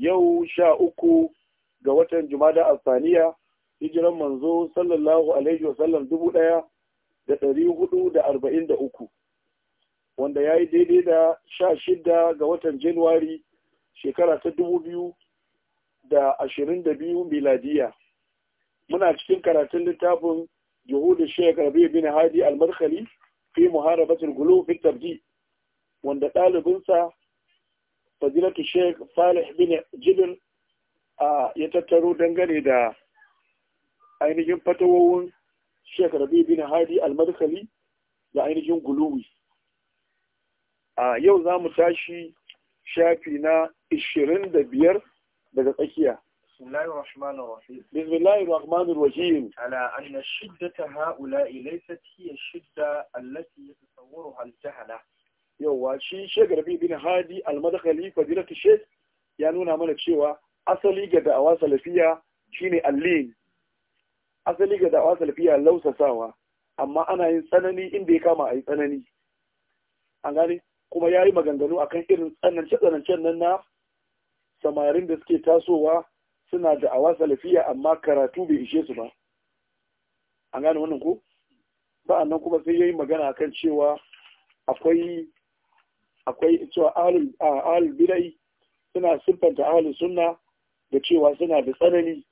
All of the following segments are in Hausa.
yau sha uku ga watan jumada asaniya hijiran manzo sallallahu alaihi wasallam dubu ɗaya da ɗari hudu da arba'in da uku wanda ya yi daidai da sha shida ga watan januwari shekara ta dubu biyu da ashirin da biyu miladiya muna cikin karatun littafin juhudu shekar biyu bin hadi al-madkhali fi muharabatul gulu fi wanda ɗalibinsa fadilatu sheik falih bin a ya tattaro dangane da ainihin fatawowin sheik rabi bin hadi al-madkhali da ainihin guluwi a yau za mu tashi shafi na 25 daga tsakiya بسم الله الرحمن الرحيم بسم الله الرحمن الرحيم على أن شدة هؤلاء ليست هي الشدة التي يتصورها الجهلة yauwa shi shek rabi bin hadi almadakali fadilatu shek ya nuna mana cewa asali ga da'awa salafiya shine allin asali ga da'awa salafiya lausasawa amma ana yin tsanani inda ya kama a yi tsanani an gani kuma ya yi maganganu akan irin tsanance-tsanancen nan na samarin da suke tasowa suna da'awa salafiya amma karatu bai ishe su ba an gani wannan ku? ko nan kuma sai ya yi magana akan cewa akwai akwai cewa ahal Birai suna siffanta ahal sunna da cewa suna da tsanani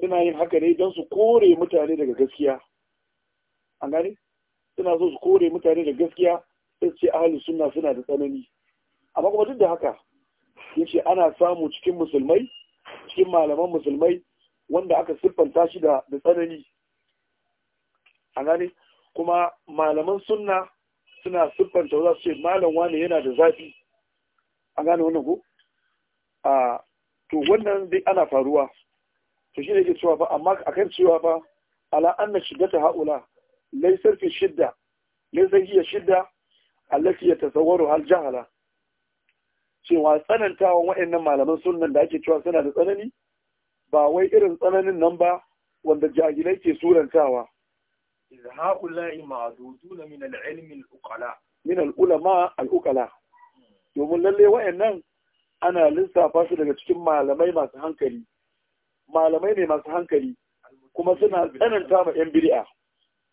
suna yin haka ne don su kore mutane daga gaskiya an gane suna so su kore mutane daga gaskiya sai ce ahal sunna suna da tsanani amma kuma duk da haka yace ana samu cikin musulmai cikin malaman musulmai wanda aka siffanta shi da tsanani a gane kuma malaman sunna suna siffanta za su ce malam wani yana da zafi A gane wannan ko a to wannan dai ana faruwa to shi ne ke cewa ba amma a kan cewa ba ala anna ta haula laysar fi shidda laysar hiya shidda allati yatasawwaru hal jahala cewa tsanantawan waɗannan malaman sunnan da ake cewa suna da tsanani ba wai irin tsananin nan ba wanda jahilai ke surantawa إذ هؤلاء معدودون من العلم الأقلاء من العلماء الأقلاء domin lalle wa'annan ana lissafa su daga cikin malamai masu hankali malamai ne masu hankali kuma suna tsananta ma yan bid'a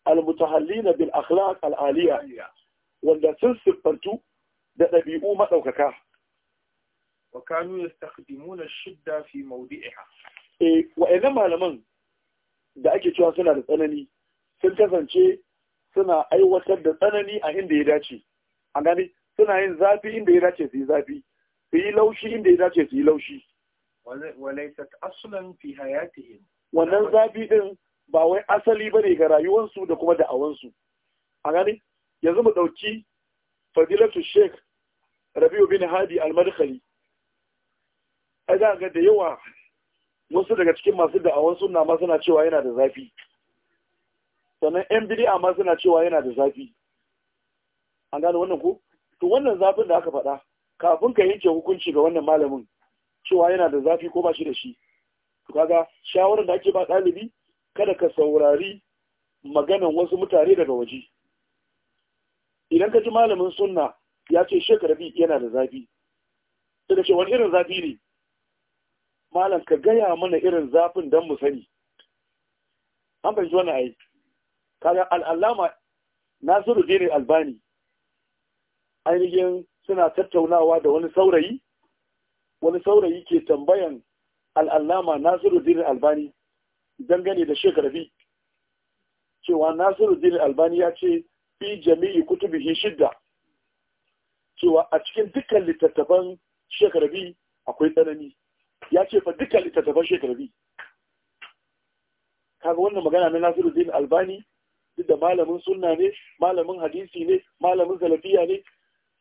almutahallina bil akhlaq al aliya wanda sun siffantu da ɗabi'u madaukaka wa kanu yastakhdimuna shidda fi mawdi'iha eh wa'annan malaman da ake cewa suna da tsanani sun kasance suna aiwatar da tsanani a inda ya dace a gani suna yin zafi inda ya dace su yi zafi su yi laushi inda ya dace su yi laushi wannan zafi din ba wai asali ba ne ga rayuwarsu da kuma da'awansu a gani yanzu mu ɗauki fadilatu sheikh rabiu bin hadi al-madkhali ai da ga da yawa wasu daga cikin masu da'awansu sunna ma suna cewa yana da zafi sannan yan bid'a ma suna cewa yana da zafi an gane wannan ko to wannan zafin da aka faɗa kafin ka yanke hukunci ga wannan malamin cewa yana da zafi ko ba shi da shi to kaga shawarar da ake ba ɗalibi kada ka saurari maganan wasu mutane daga waje idan ka ji malamin sunna ya ce shekarabi yana da zafi sai ce wani irin zafi ne malam ka gaya mana irin zafin don mu sani an fahimci wannan aiki kaga al'allama nasiru dinin albani ainihin suna tattaunawa da wani saurayi wani saurayi ke tambayan al'allama nasiru dinin albani dangane da shekarabi cewa nasiru dinin albani ya ce fi jami'i kutubihi shidda cewa a cikin dukkan littattafan shekarabi akwai tsanani ya ce fa dukkan littattafan shekarabi kaga wannan magana na nasiru dinin albani duk da malamin sunna ne malamin hadisi ne malamin salafiya ne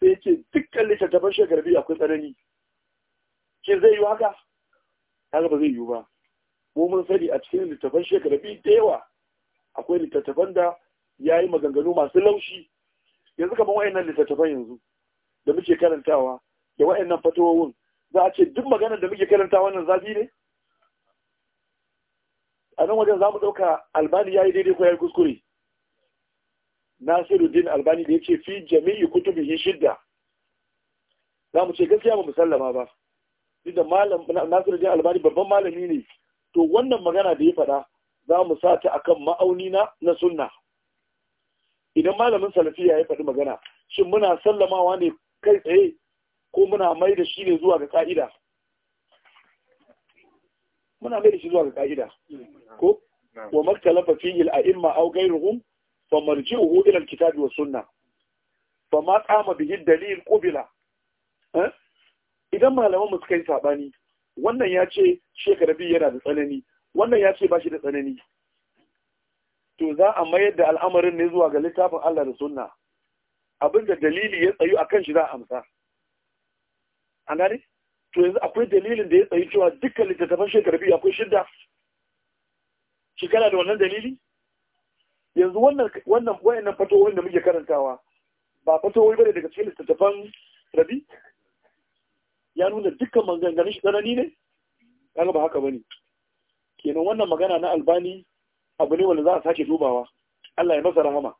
sai yake dukkan littattafan shagarbi akwai tsanani shi zai yi haka haka ba zai yi ba mu mun sani a cikin littattafan shagarbi da yawa akwai littattafan da ya yi maganganu masu laushi yanzu kamar wayannan littattafan yanzu da muke karantawa da wayannan fatowowin za a ce duk maganar da muke karanta wannan zafi ne a nan wajen za mu ɗauka albani ya yi daidai ko ya yi kuskure Nasiruddin Albani da yake fi jami'i kutubihi shidda za mu ce gaskiya ba musallama ba duk malam Nasiruddin Albani babban malami ne to wannan magana da ya faɗa za mu sa ta akan ma'auni na na sunna idan malamin salafiya ya faɗi magana shin muna sallamawa ne kai tsaye ko muna mai da shi ne zuwa ga ka'ida muna mai da shi zuwa ga ka'ida ko wa makkalafa a al-a'imma aw ghayruhum فمرجعه marji'uhu الكتاب alkitabi فما قام به ma qama bihi ما qubila eh? idan malaman suka yi sabani wannan ya ce shekarabi yana da tsanani wannan ya ce ba shi da tsanani to za a mayar da al'amarin ne zuwa ga littafin Allah da sunna abinda dalili ya tsayu akan shi za a amsa an gane to yanzu akwai dalilin da ya tsayi cewa dukkan littattafan shekara biyu akwai shidda Shi kana da wannan dalili yanzu wannan wannan wayannan da muke karantawa ba fatowoyi bane daga cikin littattafan rabi ya nuna dukkan maganganun shi tsanani ne kaga ba haka bane kenan wannan magana na albani abu ne wanda za a sake dubawa Allah ya masa rahama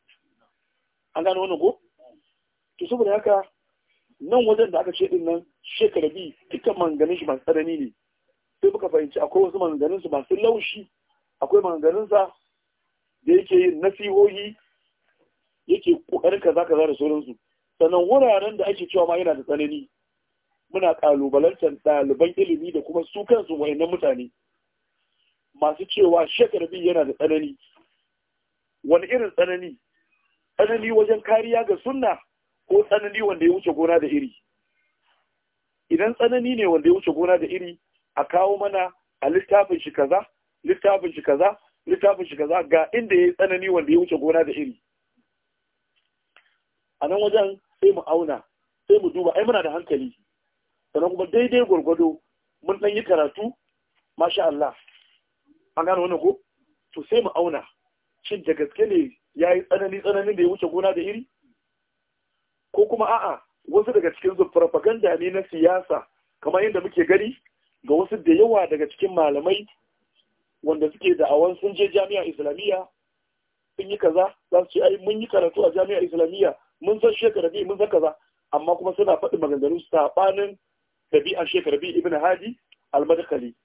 an gano wannan ko to saboda haka nan wajen da aka ce din nan shekara bi dukkan maganganun shi masu tsanani ne sai muka fahimci akwai wasu maganganun su masu laushi akwai maganganun sa da yake yin nasihohi yake kokarin kaza kaza da sauransu sannan wuraren da ake cewa ma yana da tsanani muna kalubalantar ɗaliban ilimi da kuma su kansu wayannan mutane masu cewa shekarbi yana da tsanani wani irin tsanani tsanani wajen kariya ga sunna ko tsanani wanda ya wuce gona da iri idan tsanani ne wanda ya wuce gona da iri a kawo mana a littafin shi kaza littafin shi kaza littafin shi kaza ga inda ya yi tsanani wanda ya wuce gona da iri a nan wajen sai mu auna sai mu duba ai muna da hankali sannan kuma daidai gwargwado mun ɗan yi karatu masha Allah an gano wannan ko to sai mu auna shin da gaske ne ya yi tsanani tsananin da ya wuce gona da iri ko kuma a'a wasu daga cikin su farfaganda ne na siyasa kamar yadda muke gani ga wasu da yawa daga cikin malamai wanda suke da'awan sun je jami'a islamiyya sun yi kaza za su ce ai mun yi karatu a jami'a islamiyya mun san shekara biyu mun san kaza amma kuma suna faɗi maganganu saɓanin ɗabi'ar shekara biyu ibn hadi almadakali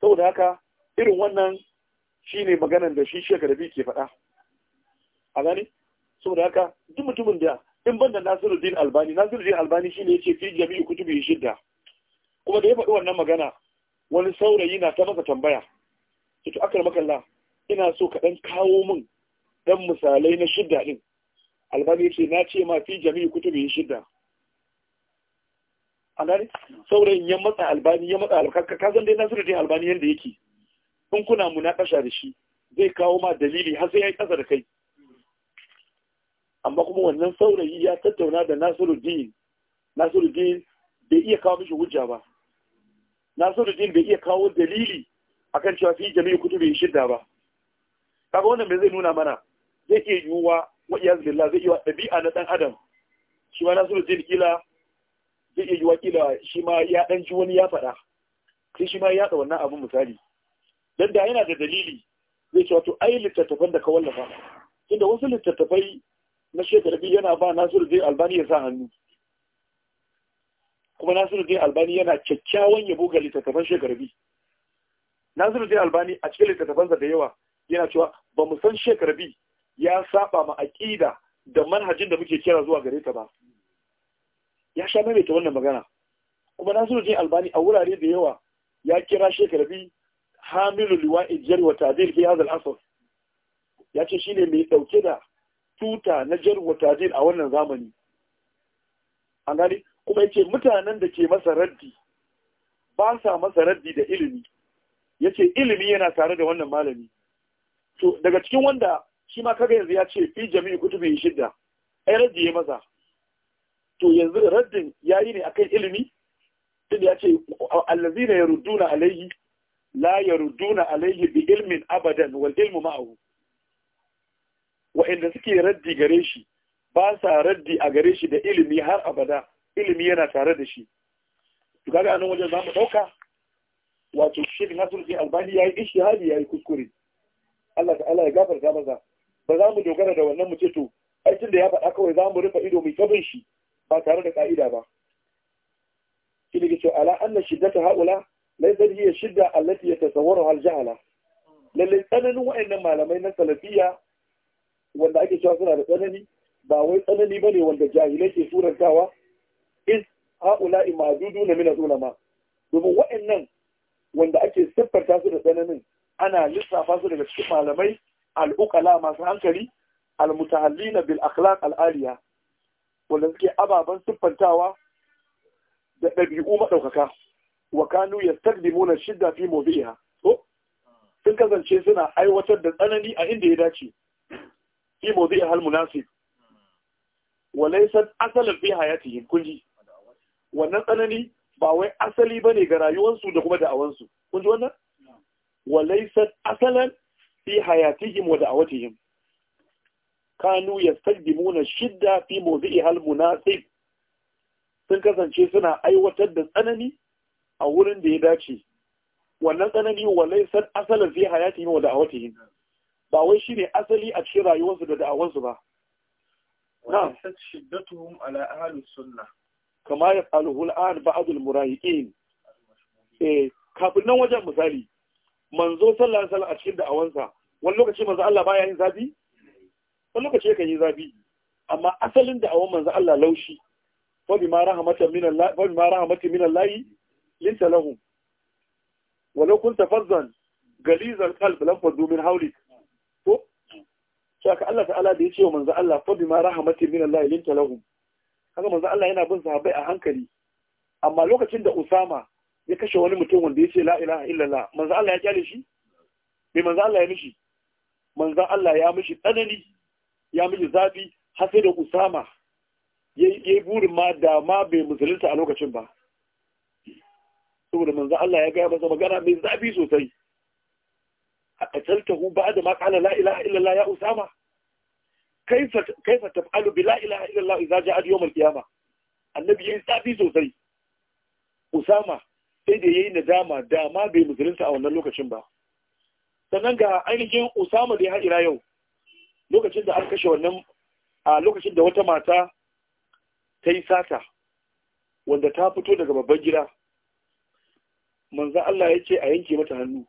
saboda haka irin wannan shine maganan da shi shekara biyu ke faɗa a gani saboda haka duk mutumin da in ban da nasiruddin albani nasiruddin albani shine ya ce fi jami'u kutubi shidda kuma da ya faɗi wannan magana wani saurayi na ta masa tambaya to akar makalla ina so ka dan kawo min dan misalai na shidda din albani yace na ce ma fi jami'i kutubi shidda A gane saurayin ya matsa albani ya matsa albani ka zan dai nasiru dai albani yanda yake in kuna munakasha da shi zai kawo ma dalili har sai ya yi kasa da kai amma kuma wannan saurayi ya tattauna da nasiru din nasiru din bai iya kawo mishi hujja ba nasiruddin bai iya kawo dalili akan cewa fi kutu bai shidda ba kaga wannan me zai nuna mana zai iya yiwuwa wa iyaz billah zai iya dabi'a na dan adam shi ma nasiruddin kila zai iya yiwuwa kila shi ma ya dan ji wani ya faɗa sai shi ma ya da wannan abun misali dan da yana da dalili zai ce wato ai littattafan da ka wallafa tunda wasu littattafai na shekarabi yana ba nasiruddin albani ya sa hannu kuma Nasiruddin Albani yana kyakkyawan yabo ga littattafan Shekarbi Nasiruddin Albani a cikin littattafansa da yawa yana cewa ba mu san Shekarbi ya saba ma aƙida da manhajin da muke kira zuwa gare ta ba ya sha ta wannan magana kuma Nasiruddin Albani a wurare da yawa ya kira Shekarbi hamilu Liwa jar wa Tadir fi hadha al ya ce shine mai ɗauke da tuta na jar wa a wannan zamani an gani kuma yace mutanen da ke masa raddi ba sa masa raddi da ilimi yace ilimi yana tare da wannan malami to daga cikin wanda shi ma kaga yanzu ya ce fi jami'i kutubi shidda ai raddi ya masa. to yanzu raddin yayi ne akan ilimi tunda ya ce allazina yarudduna alayhi la yarudduna alayhi bi ilmin abadan wal ilmu ma'ahu inda suke raddi gare shi ba sa raddi a gare shi da ilimi har abada ilimi yana tare da shi to kaga anan wajen zamu dauka wato Sheikh Nasiruddin Albani yayi ishtihadi yayi kuskure Allah ta'ala ya gafarta maza ba za mu dogara da wannan mu ce to aikin da ya faɗa kawai za mu rufe ido mai tabin shi ba tare da ka'ida ba shi ne cewa ala anna shiddata haula laysa yi shidda allati yatasawwaruha al-jahala lalle tsananin wa'annan malamai na salafiya wanda ake cewa suna da tsanani ba wai tsanani bane wanda jahilai ke surantawa is haula imadudu na mina ma domin wa'annan wanda ake siffarta su da tsananin ana lissafa su daga cikin malamai al'ukala masu hankali almutahallina bil akhlaq aliya wanda suke ababen siffantawa da ɗabi'u maɗaukaka wa kanu yastaqdimuna shidda fi mawdi'iha to sun kasance suna aiwatar da tsanani a inda ya dace fi mawdi'iha al munasib wa laysa asalan fi hayatihim kulli wannan tsanani ba wai asali ba ne ga rayuwarsu da kuma da'awansu kun ji wannan walaisat asalan fi hayatihim wa da'awatihim kanu yastaqdimuna shidda fi mawdi'iha al-munasib sun kasance suna aiwatar da tsanani a wurin da ya dace wannan tsanani walaisat asalan fi hayatihim wa da'awatihim ba wai shine asali a cikin rayuwarsu da da'awansu ba Na. shiddatuhum ala ahli sunnah kama ya tsaluhul an ba'adul murahiqin eh, kafin nan wajen misali manzo sallallahu alaihi wasallam a cikin da'awansa wani lokaci manzo Allah baya yin zabi wani lokaci yakan yi zabi amma asalin da'awan manzo Allah laushi fa ma rahmatan min Allah fa bima rahmatin min Allah linta lahum walau kunta fazzan galizal qalb lam faddu min hawlik to Allah ta'ala da yace wa manzo Allah fa bima rahmatin min Allah linta lahum kaga manzo Allah yana bin sahabbai a hankali amma lokacin da Usama ya kashe wani mutum wanda ya ce la ilaha illallah manzo Allah ya kyale shi bai manzo Allah ya mishi manzo Allah ya mishi tsanani ya mishi zafi har sai da Usama ya yi burin ma da ma bai musulunta a lokacin ba saboda manzo Allah ya gaya masa magana mai zafi sosai a hu, ba da ma kana la ilaha illallah ya Usama kaifa kaifa taf'alu bi ilaha illallah idza ja'a yawm al-qiyamah annabi yayi tsafi sosai usama sai da yayi nadama da ma bai musulunta a wannan lokacin ba sannan ga ainihin usama da ya har yau lokacin da aka kashe wannan a lokacin da wata mata ta yi sata wanda ta fito daga babban gida manzan Allah ya ce a yanke mata hannu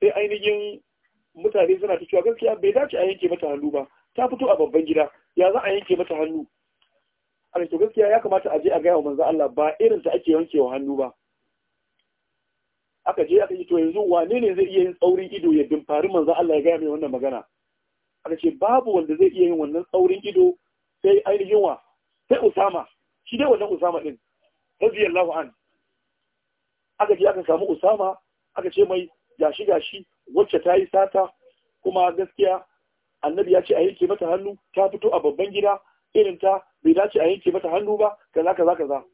sai ainihin mutane suna ta cewa gaskiya bai dace a yanke mata hannu ba ta fito a babban gida ya za a yanke mata hannu a to gaskiya ya kamata a je a gaya wa manzo Allah ba irin ta ake wa hannu ba aka je aka yi to yanzu wane ne zai iya yin tsaurin ido ya dimfari manzo Allah ya gaya mai wannan magana aka ce babu wanda zai iya yin wannan tsaurin ido sai ainihin wa sai Usama shi dai wannan Usama din Allahu an aka je aka samu Usama aka ce mai gashi gashi wacce ta yi sata kuma gaskiya annabi ya ce a yanke mata hannu ta fito a babban gida irin ta bai dace a yanke mata hannu ba kaza kaza kaza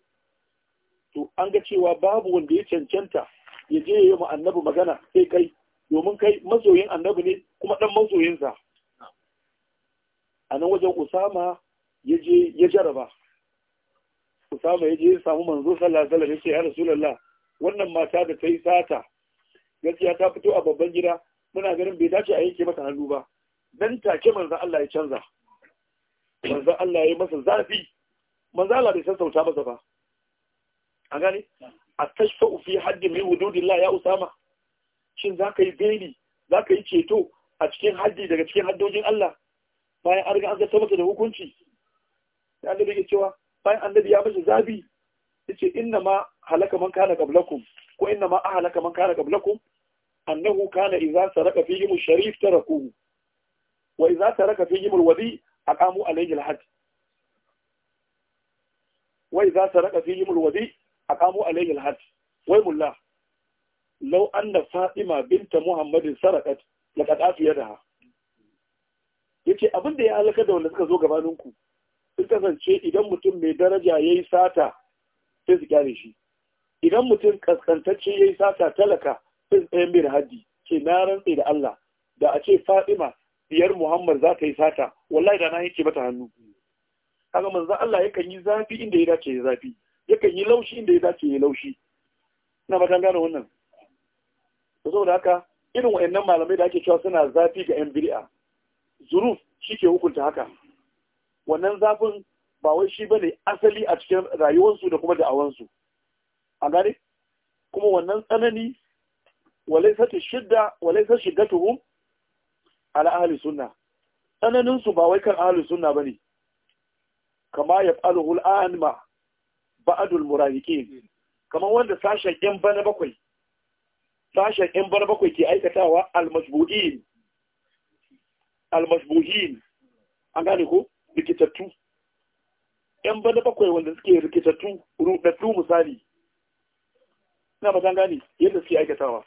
to an ga cewa babu wanda ya cancanta ya je ya yi ma annabi magana sai kai domin kai masoyin annabi ne kuma dan masoyinsa sa anan wajen usama ya je ya jaraba usama ya je ya samu manzo sallallahu alaihi wasallam ya ce ya rasulullah wannan mata da ta yi sata gaskiya ta fito a babban gida muna ganin bai dace a yanke mata hannu ba dan take manzo Allah ya canza manzo Allah ya masa zafi manzo Allah bai sassauta masa ba an gani a tashfa fi mai min Allah ya usama shin zaka yi beli zaka yi ceto a cikin haddi daga cikin haddojin Allah bayan an riga an zartar da hukunci sai annabi bai cewa bayan annabi ya masa zabi yace inna ma halaka man kana qablakum ko inna ma ahlaka man kana qablakum annahu kana idza saraka fihi sharif tarakuhu wa idza taraka fi yimul wadi aqamu alayhi al-hadd wa idza taraka fi yimul wadi aqamu alayhi al-hadd wa mullah law anna fatima bint muhammadin sarakat laqad afiyadaha yace abin da ya halaka da wanda suka zo gabaninku sun kasance idan mutum mai daraja yayi sata sai su kyale shi idan mutum kaskantacce yayi sata talaka sai su tsaye mai haddi ce na rantse da Allah da a ce Fa'ima. diyar Muhammad za ka yi sata wallahi da na yake mata hannu kaga manzon Allah yakan yi zafi inda ya dace ya zafi yakan yi laushi inda ya dace ya laushi ina ba gane wannan saboda haka irin wayannan malamai da ake cewa suna zafi ga yan biri'a. zuruf shike hukunta haka wannan zafin ba wai shi bane asali a cikin rayuwarsu da kuma da'awansu a gane kuma wannan tsanani walaisa shidda walaisa shiddatuhum ala ahli sunna tsananin su ba wai kan ahli sunna bane kama ya al anma ma ba'dul murahiqin kamar wanda sashen yan bana bakwai sashen yan bana bakwai ke aikatawa al-mashbuhin al-mashbuhin an gane ko rikitattu yan bana bakwai wanda suke rikitattu rudattu misali ina ba gane yadda suke aikatawa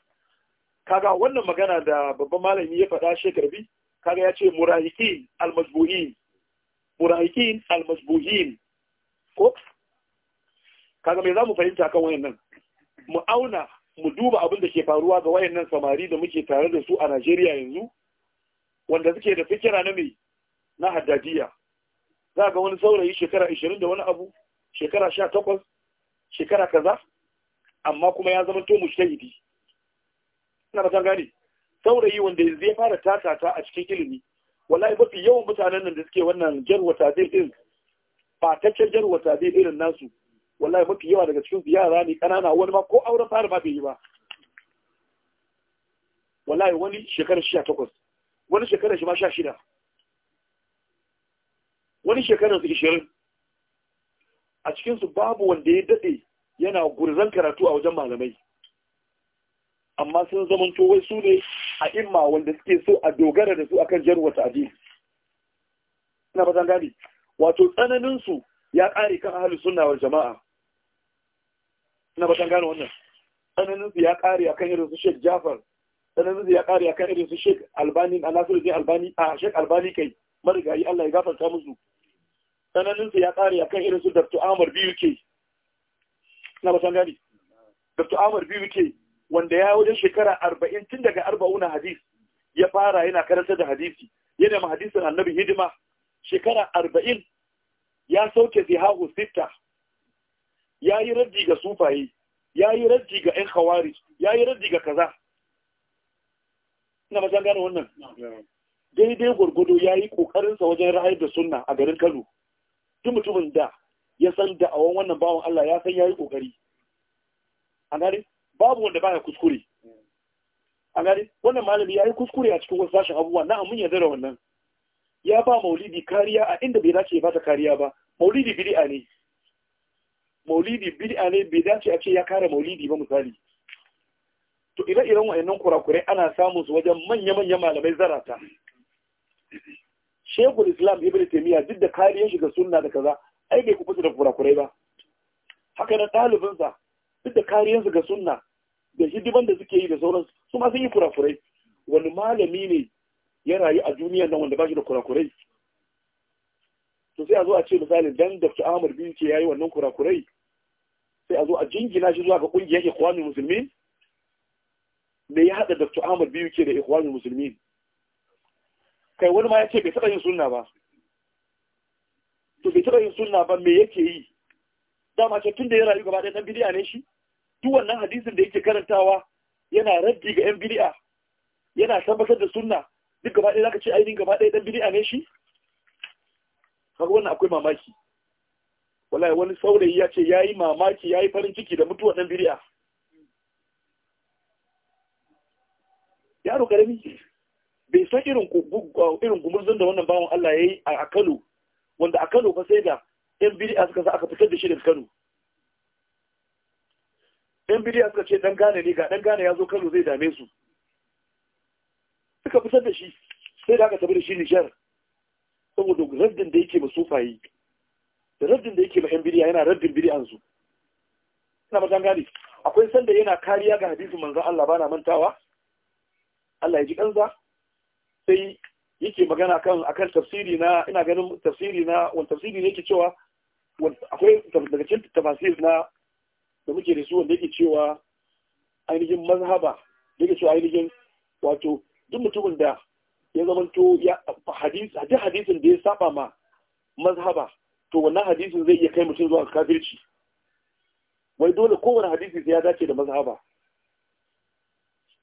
kaga wannan magana da babban malami ya faɗa shekarbi kaga ya ce murahikin almasbuhin murahikin almasbuhin ko kaga me za mu fahimta kan wayannan mu auna mu duba abin da ke faruwa ga wayannan samari da muke tare da su a Najeriya yanzu wanda suke da fikira na mai na haddadiya za ga wani saurayi shekara 20 da wani abu shekara 18 shekara kaza amma kuma ya zama to mushtahidi ina ba gane saurayi wanda yanzu ya fara tatata a cikin ilimi wallahi mafi yawan mutanen nan da suke wannan jarwa tazil din fataccen jarwa zai irin nasu wallahi mafi yawa daga cikin yara ne kanana wani ma ko auren fara ba bai yi ba wallahi wani shekarar sha takwas wani shekarar shi ma sha shida wani shekarar su ishirin a cikinsu babu wanda ya daɗe yana gurzan karatu a wajen malamai amma sun zamanto wai su ne a imma wanda suke so a dogara da su akan jarwa ta'dil ina ba gani wato tsananin su ya kare kan ahlus sunna wal jama'a ina ba gani wannan tsananin su ya kare akan irin su Sheikh Jafar tsananin su ya kare akan irin su Sheikh Albani Nasiruddin Albani a Sheikh Albani kai marigayi Allah ya gafarta musu tsananin su ya kare akan irin su Dr. Ahmad Biyu ke ina ba gani Dr. Ahmad Biyu ke wanda ya wajen shekara arba'in tun daga arba'una hadis ya fara yana karanta da hadisi yana ma hadisin annabi hidima shekara arba'in ya sauke hahu sita ya yi raddi ga sufaye ya yi raddi ga 'yan hawari ya yi raddi ga kaza ina ba gane wannan daidai gwargwado ya yi ƙoƙarinsa wajen rahayar da sunna a garin kano tun mutumin da ya san da a wannan bawan allah ya san ya yi ƙoƙari babu wanda baya kuskure a gari wannan malami ya yi kuskure a cikin wasu sashen abubuwa na amin ya da wannan ya ba maulidi kariya a inda bai dace ya bata kariya ba maulidi bid'a ne maulidi bid'a ne bai dace a ce ya kare maulidi ba misali to ire iren wayannan kurakurai ana samun su wajen manya manya malamai zarata shekul islam ibn taymiya duk da kariyar shi ga sunna da kaza ai bai kubuta da kurakurai ba haka nan ɗalibinsa duk da kariyarsa ga sunna da hidiman da suke yi da sauransu su ma sun yi kurakurai wani malami ne ya rayu a duniya nan wanda ba shi da kurakurai to sai a zo a ce misali dan dr amur bin ce yayi wannan kurakurai sai a zo a jingina shi zuwa ga kungiyar ikhwanul muslimin me ya hada dr amur biyu ce da ikhwanul muslimin kai wani ma ya ce bai taɓa yin sunna ba to bai taɓa yin sunna ba me yake yi dama ce tun da ya rayu gaba ɗaya ɗan bidiya ne shi duk wannan hadisin da yake karantawa yana raddi ga yan biri'a, yana tabbatar da sunna duk gaba ɗaya zaka ce ainihin gaba ɗaya dan bid'a ne shi kaga wannan akwai mamaki wallahi wani saurayi ya ce yayi mamaki yayi farin ciki da mutuwar dan bid'a yaro karami bai san irin irin gumurzun da wannan bawon Allah ya yi a Kano wanda a Kano fa sai da yan bid'a suka sa aka fitar da shi daga Kano ɗan bidiya suka ce ɗan gane ne ga ɗan gane ya zo Kano zai dame su suka fitar da shi sai da aka tafi da shi Nijar saboda raddin da yake ba sufayi da raddin da yake ma yan bidiya yana raddin bidiyan su ina ba gane akwai sanda yana kariya ga hadisin manzon Allah bana mantawa Allah ya ji kanza sai yake magana kan akan tafsiri na ina ganin tafsiri na wani tafsiri ne yake cewa akwai daga cikin tafsir na da muke da su wanda yake cewa ainihin mazhaba da yake cewa ainihin wato duk mutumin da ya zamanto ya hadis hadisin da ya saba ma mazhaba to wannan hadisin zai iya kai mutum zuwa kafirci wai dole kowane hadisi sai ya dace da mazhaba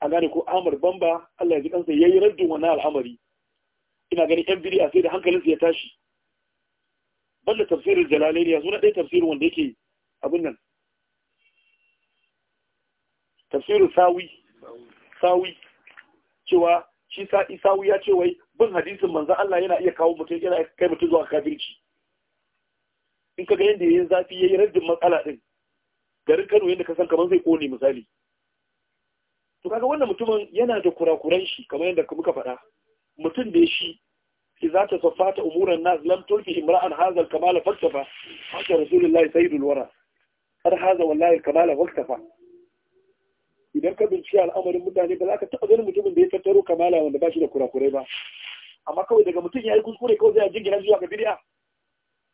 a gane ko Amr Bamba Allah ya ji kansa yayi raddin wannan al'amari ina ganin yan bid'a sai da hankalinsa ya tashi balla tafsirin jalalaini ya na ɗaya tafsirin wanda yake abin nan tafsirin sawi sawi cewa shi sa'i sawi ya ce wai bin hadisin manzan Allah yana iya kawo mutum yana kai mutum zuwa kafirci in ka ga yadda yayin zafi yi raddin matsala din garin Kano yadda ka san kamar zai kone misali to kaga wannan mutumin yana da kurakuran shi kamar yadda muka faɗa mutum da shi shi za ta saffata umuran nas lam tulfi imra'an hazal kamala faktafa hakka rasulullahi sayyidul wara har haza wallahi kamala faktafa idan ka binciki al'amarin mutane ba za ka taɓa ganin mutumin da ya tattaro kamala wanda ba shi da kurakurai ba amma kawai daga mutum ya yi kuskure kawai zai a jingina zuwa ga bid'a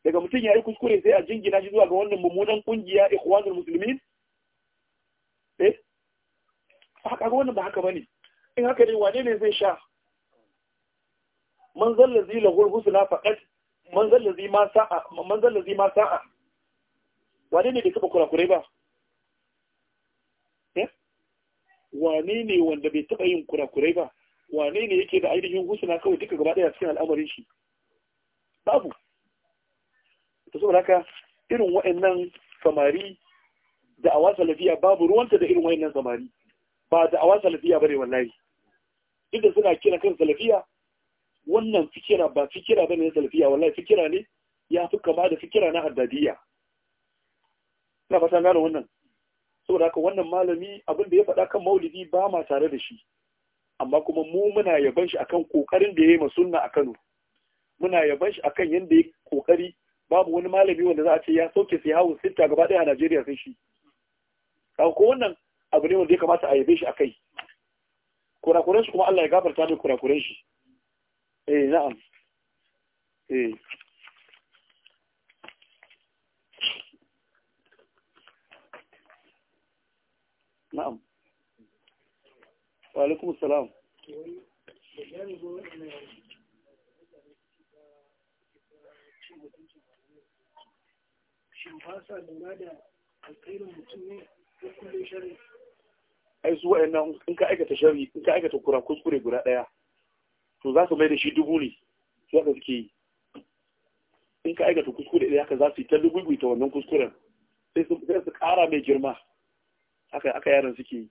daga mutum ya yi kuskure sai a jingina shi zuwa ga wannan mummunan kungiya ikhwanul muslimin eh haka ga wannan ba haka bane in haka ne wane ne zai sha man zallazi la husna faqat man zallazi ma sa'a man zallazi ma sa'a wane ne da kaba kurakurai ba wane ne wanda bai taɓa yin kurakurai ba wane ne yake da ainihin husuna kawai duka gaba ɗaya cikin al'amarin shi babu ta saboda haka irin wa'annan samari da awa salafiya babu ruwanta da irin wa'annan samari ba da awa salafiya bane wallahi duk da suna kira kan salafiya wannan fikira ba fikira bane na salafiya wallahi fikira ne ya fi kama da fikira na addadiya ina fata gano wannan saboda haka wannan malami abin da ya faɗa kan maulidi ba ma tare da shi amma kuma mu muna yaban shi akan kokarin da ya yi ma sunna a Kano muna yaban shi akan yanda ya kokari babu wani malami wanda za a ce ya sauke sai hawo sitta gaba ɗaya a Najeriya sai shi kawo ko wannan abu ne wanda ya kamata a yabe shi akai kurakuren shi kuma Allah ya gafarta mai kurakuren shi eh na'am eh نعم wa alaikum ai su wa'annan in ka aikata shari in ka aikata kura kuskure guda daya to za su mai da shi dubu ne su haka suke yi in ka aikata kuskure daya ka za su yi ta dubu ta wannan kuskuren sai su kara mai girma haka aka yaran suke yi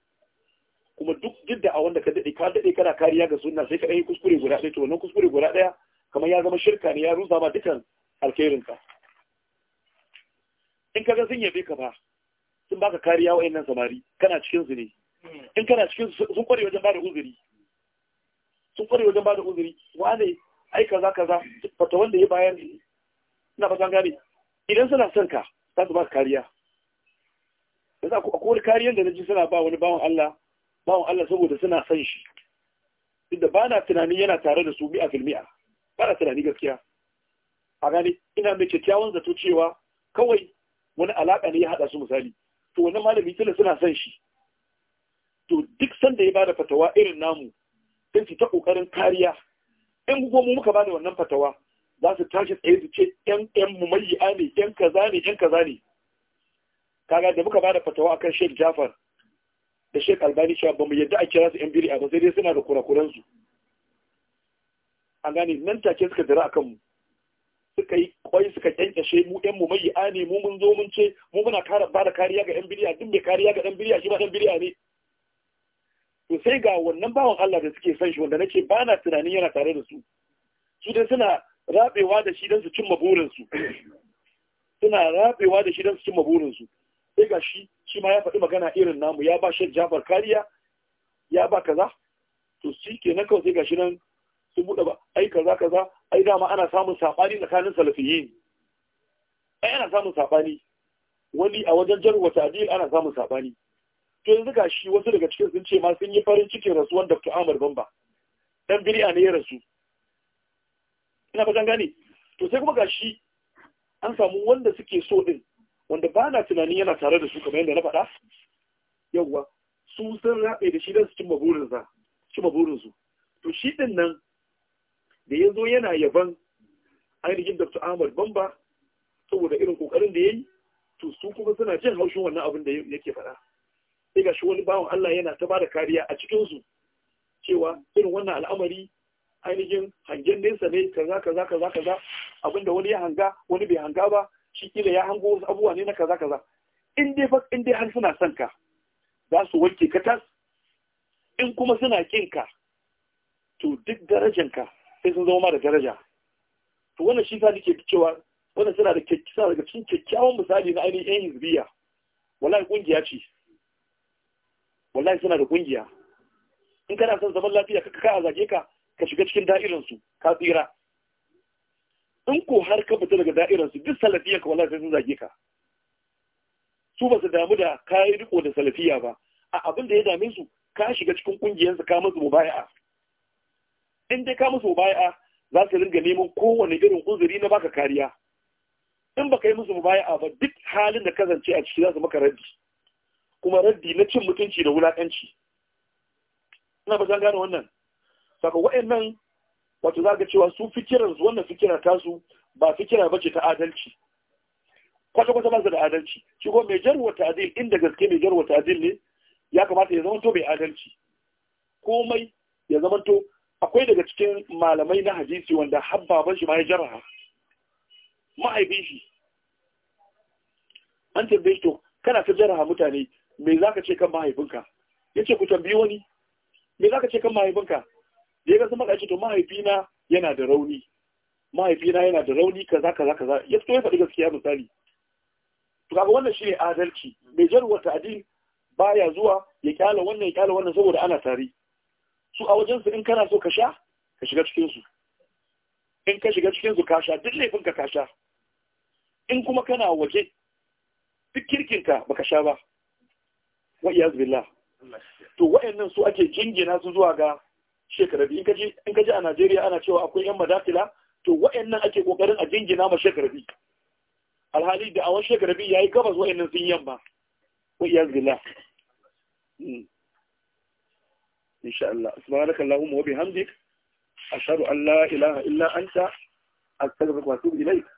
kuma duk gidda a wanda ka daɗe ka daɗe kana kariya ga sunna sai ka ɗan yi kuskure guda ɗaya to wannan kuskure guda ɗaya kamar ya zama shirka ne ya rusa ma dukan alkhairinka in ka ga sun yabe ka ba sun baka kariya wa wa'annan samari kana cikin su ne in kana cikin sun kware wajen bada uzuri sun kware wajen bada uzuri wane ai kaza kaza fata wanda ya bayar ne. ina fata gane idan suna son ka za su baka kariya yasa akwai wani kariyar da naji suna ba wani bawan Allah bawan Allah saboda suna san shi inda ba na tunani yana tare da su mi'a filmi'a, ba na tunani gaskiya a gane ina mai kyakkyawan zato cewa kawai wani alaƙa ne ya haɗa su misali to wani malami tila suna san shi to duk sanda ya bada fatawa irin namu sun ta ƙoƙarin kariya in mu muka bada wannan fatawa za su tashi tsaye su ce yan mu mumayya ne yan kaza ne yan kaza ne kaga da muka bada fatawa akan Sheikh Jafar da Sheikh Albani cewa ba mu yadda a kira su yan biri'a ba sai dai suna da kurakuran su an gane nan take suka dira akan mu suka yi kwai suka kyankyashe mu yan mu mai ani mu mun zo mun ce mu muna kara bada kariya ga yan bid'a duk mai kariya ga dan bid'a shi ba dan bid'a ne to sai ga wannan bawan Allah da suke son shi wanda nake ba na tunanin yana tare da su su dai suna rabewa da shi dan su cimma su suna rabewa da shi don su cimma burinsu sai ga shi shi ma ya faɗi magana irin namu ya ba shek jafar kariya ya ba kaza to shi ke na kawai sai ga shi nan sun buɗe ba ai kaza kaza ai dama ana samun saɓani tsakanin salafiyin ai ana samun saɓani wani a wajen wata adil ana samun saɓani to yanzu ga shi wasu daga cikin sun ce ma sun yi farin cikin rasuwan dr amur bamba dan biriya ne ya rasu ina ba gane to sai kuma ga shi an samu wanda suke so din wanda ba na tunanin yana tare da su kamar yadda na faɗa yawwa su sun raɓe da shi don su cimma burinsa cimma burinsu to shi ɗin nan da ya zo yana yaban ainihin dr ahmad bamba saboda irin kokarin da ya yi to su kuma suna jin haushin wannan abin da yake faɗa sai ga shi wani bawan allah yana ta bada kariya a cikinsu cewa irin wannan al'amari ainihin hangen nesa ne kaza kaza kaza kaza abinda wani ya hanga wani bai hanga ba ciki da ya hango wasu abubuwa ne na kaza kaza in dai in dai har suna son ka za su wanke ka tas in kuma suna kin ka to duk darajanka sai sun zama da daraja to wannan shi sa nake cewa wannan suna da kyakkyawa daga cikin kyakkyawan misali na ainihin yan hizbiya wallahi kungiya ce wallahi suna da kungiya in kana son zaman lafiya ka ka a zage ka ka shiga cikin da'irinsu ka tsira in ko har ka fita daga su duk salafiyar ka wallahi sai sun zage ka su ba su damu da kayi riko da salafiya ba a abin da ya dame su ka shiga cikin su ka musu mubaya'a in dai ka musu mubaya'a za su ringa neman kowane irin uzuri na baka kariya in baka yi musu mubaya'a ba duk halin da kasance a ciki za su maka raddi kuma raddi na cin mutunci da wulakanci ina ba zan gane wannan saka wa'annan wato za ka cewa su fikirar wannan fikira tasu ba fikira ba ce ta adalci kwata-kwata ba su da adalci shi ko mai jarwar adil inda gaske mai jarwar adil ne ya kamata ya zamanto mai adalci komai ya zamanto akwai daga cikin malamai na hadisi wanda ban shi ma ya jarha ma'aibin shi an tambaye shi to kana ta jarha mutane me zaka ce kan mahaifinka Ya ce ku tambi wani me zaka ce kan mahaifinka da ya ga zama kace to mahaifina yana da rauni mahaifina yana da rauni kaza kaza kaza ya fito ya faɗi gaskiya misali to kaga wannan shine adalci mai jarwa ba baya zuwa ya kyala wannan ya kyala wannan saboda ana tare su a wajen su in kana so ka sha ka shiga cikin su in ka shiga cikin su ka sha duk laifin ka ka sha in kuma kana waje duk kirkin ka baka sha ba wa iyaz billah to wa'annan su ake jingina su zuwa ga shekarabi in ka je a Najeriya ana cewa akwai yan madafila, to wa'annan ake kokarin a jingina ma shekarabi alhali da awon shekarabi yayi gabas wa'annan sun yamma wa iyaz billah hmm. insha Allah subhanaka allahumma wa bihamdik ashhadu an la ilaha illa anta astaghfiruka wa atubu ilayk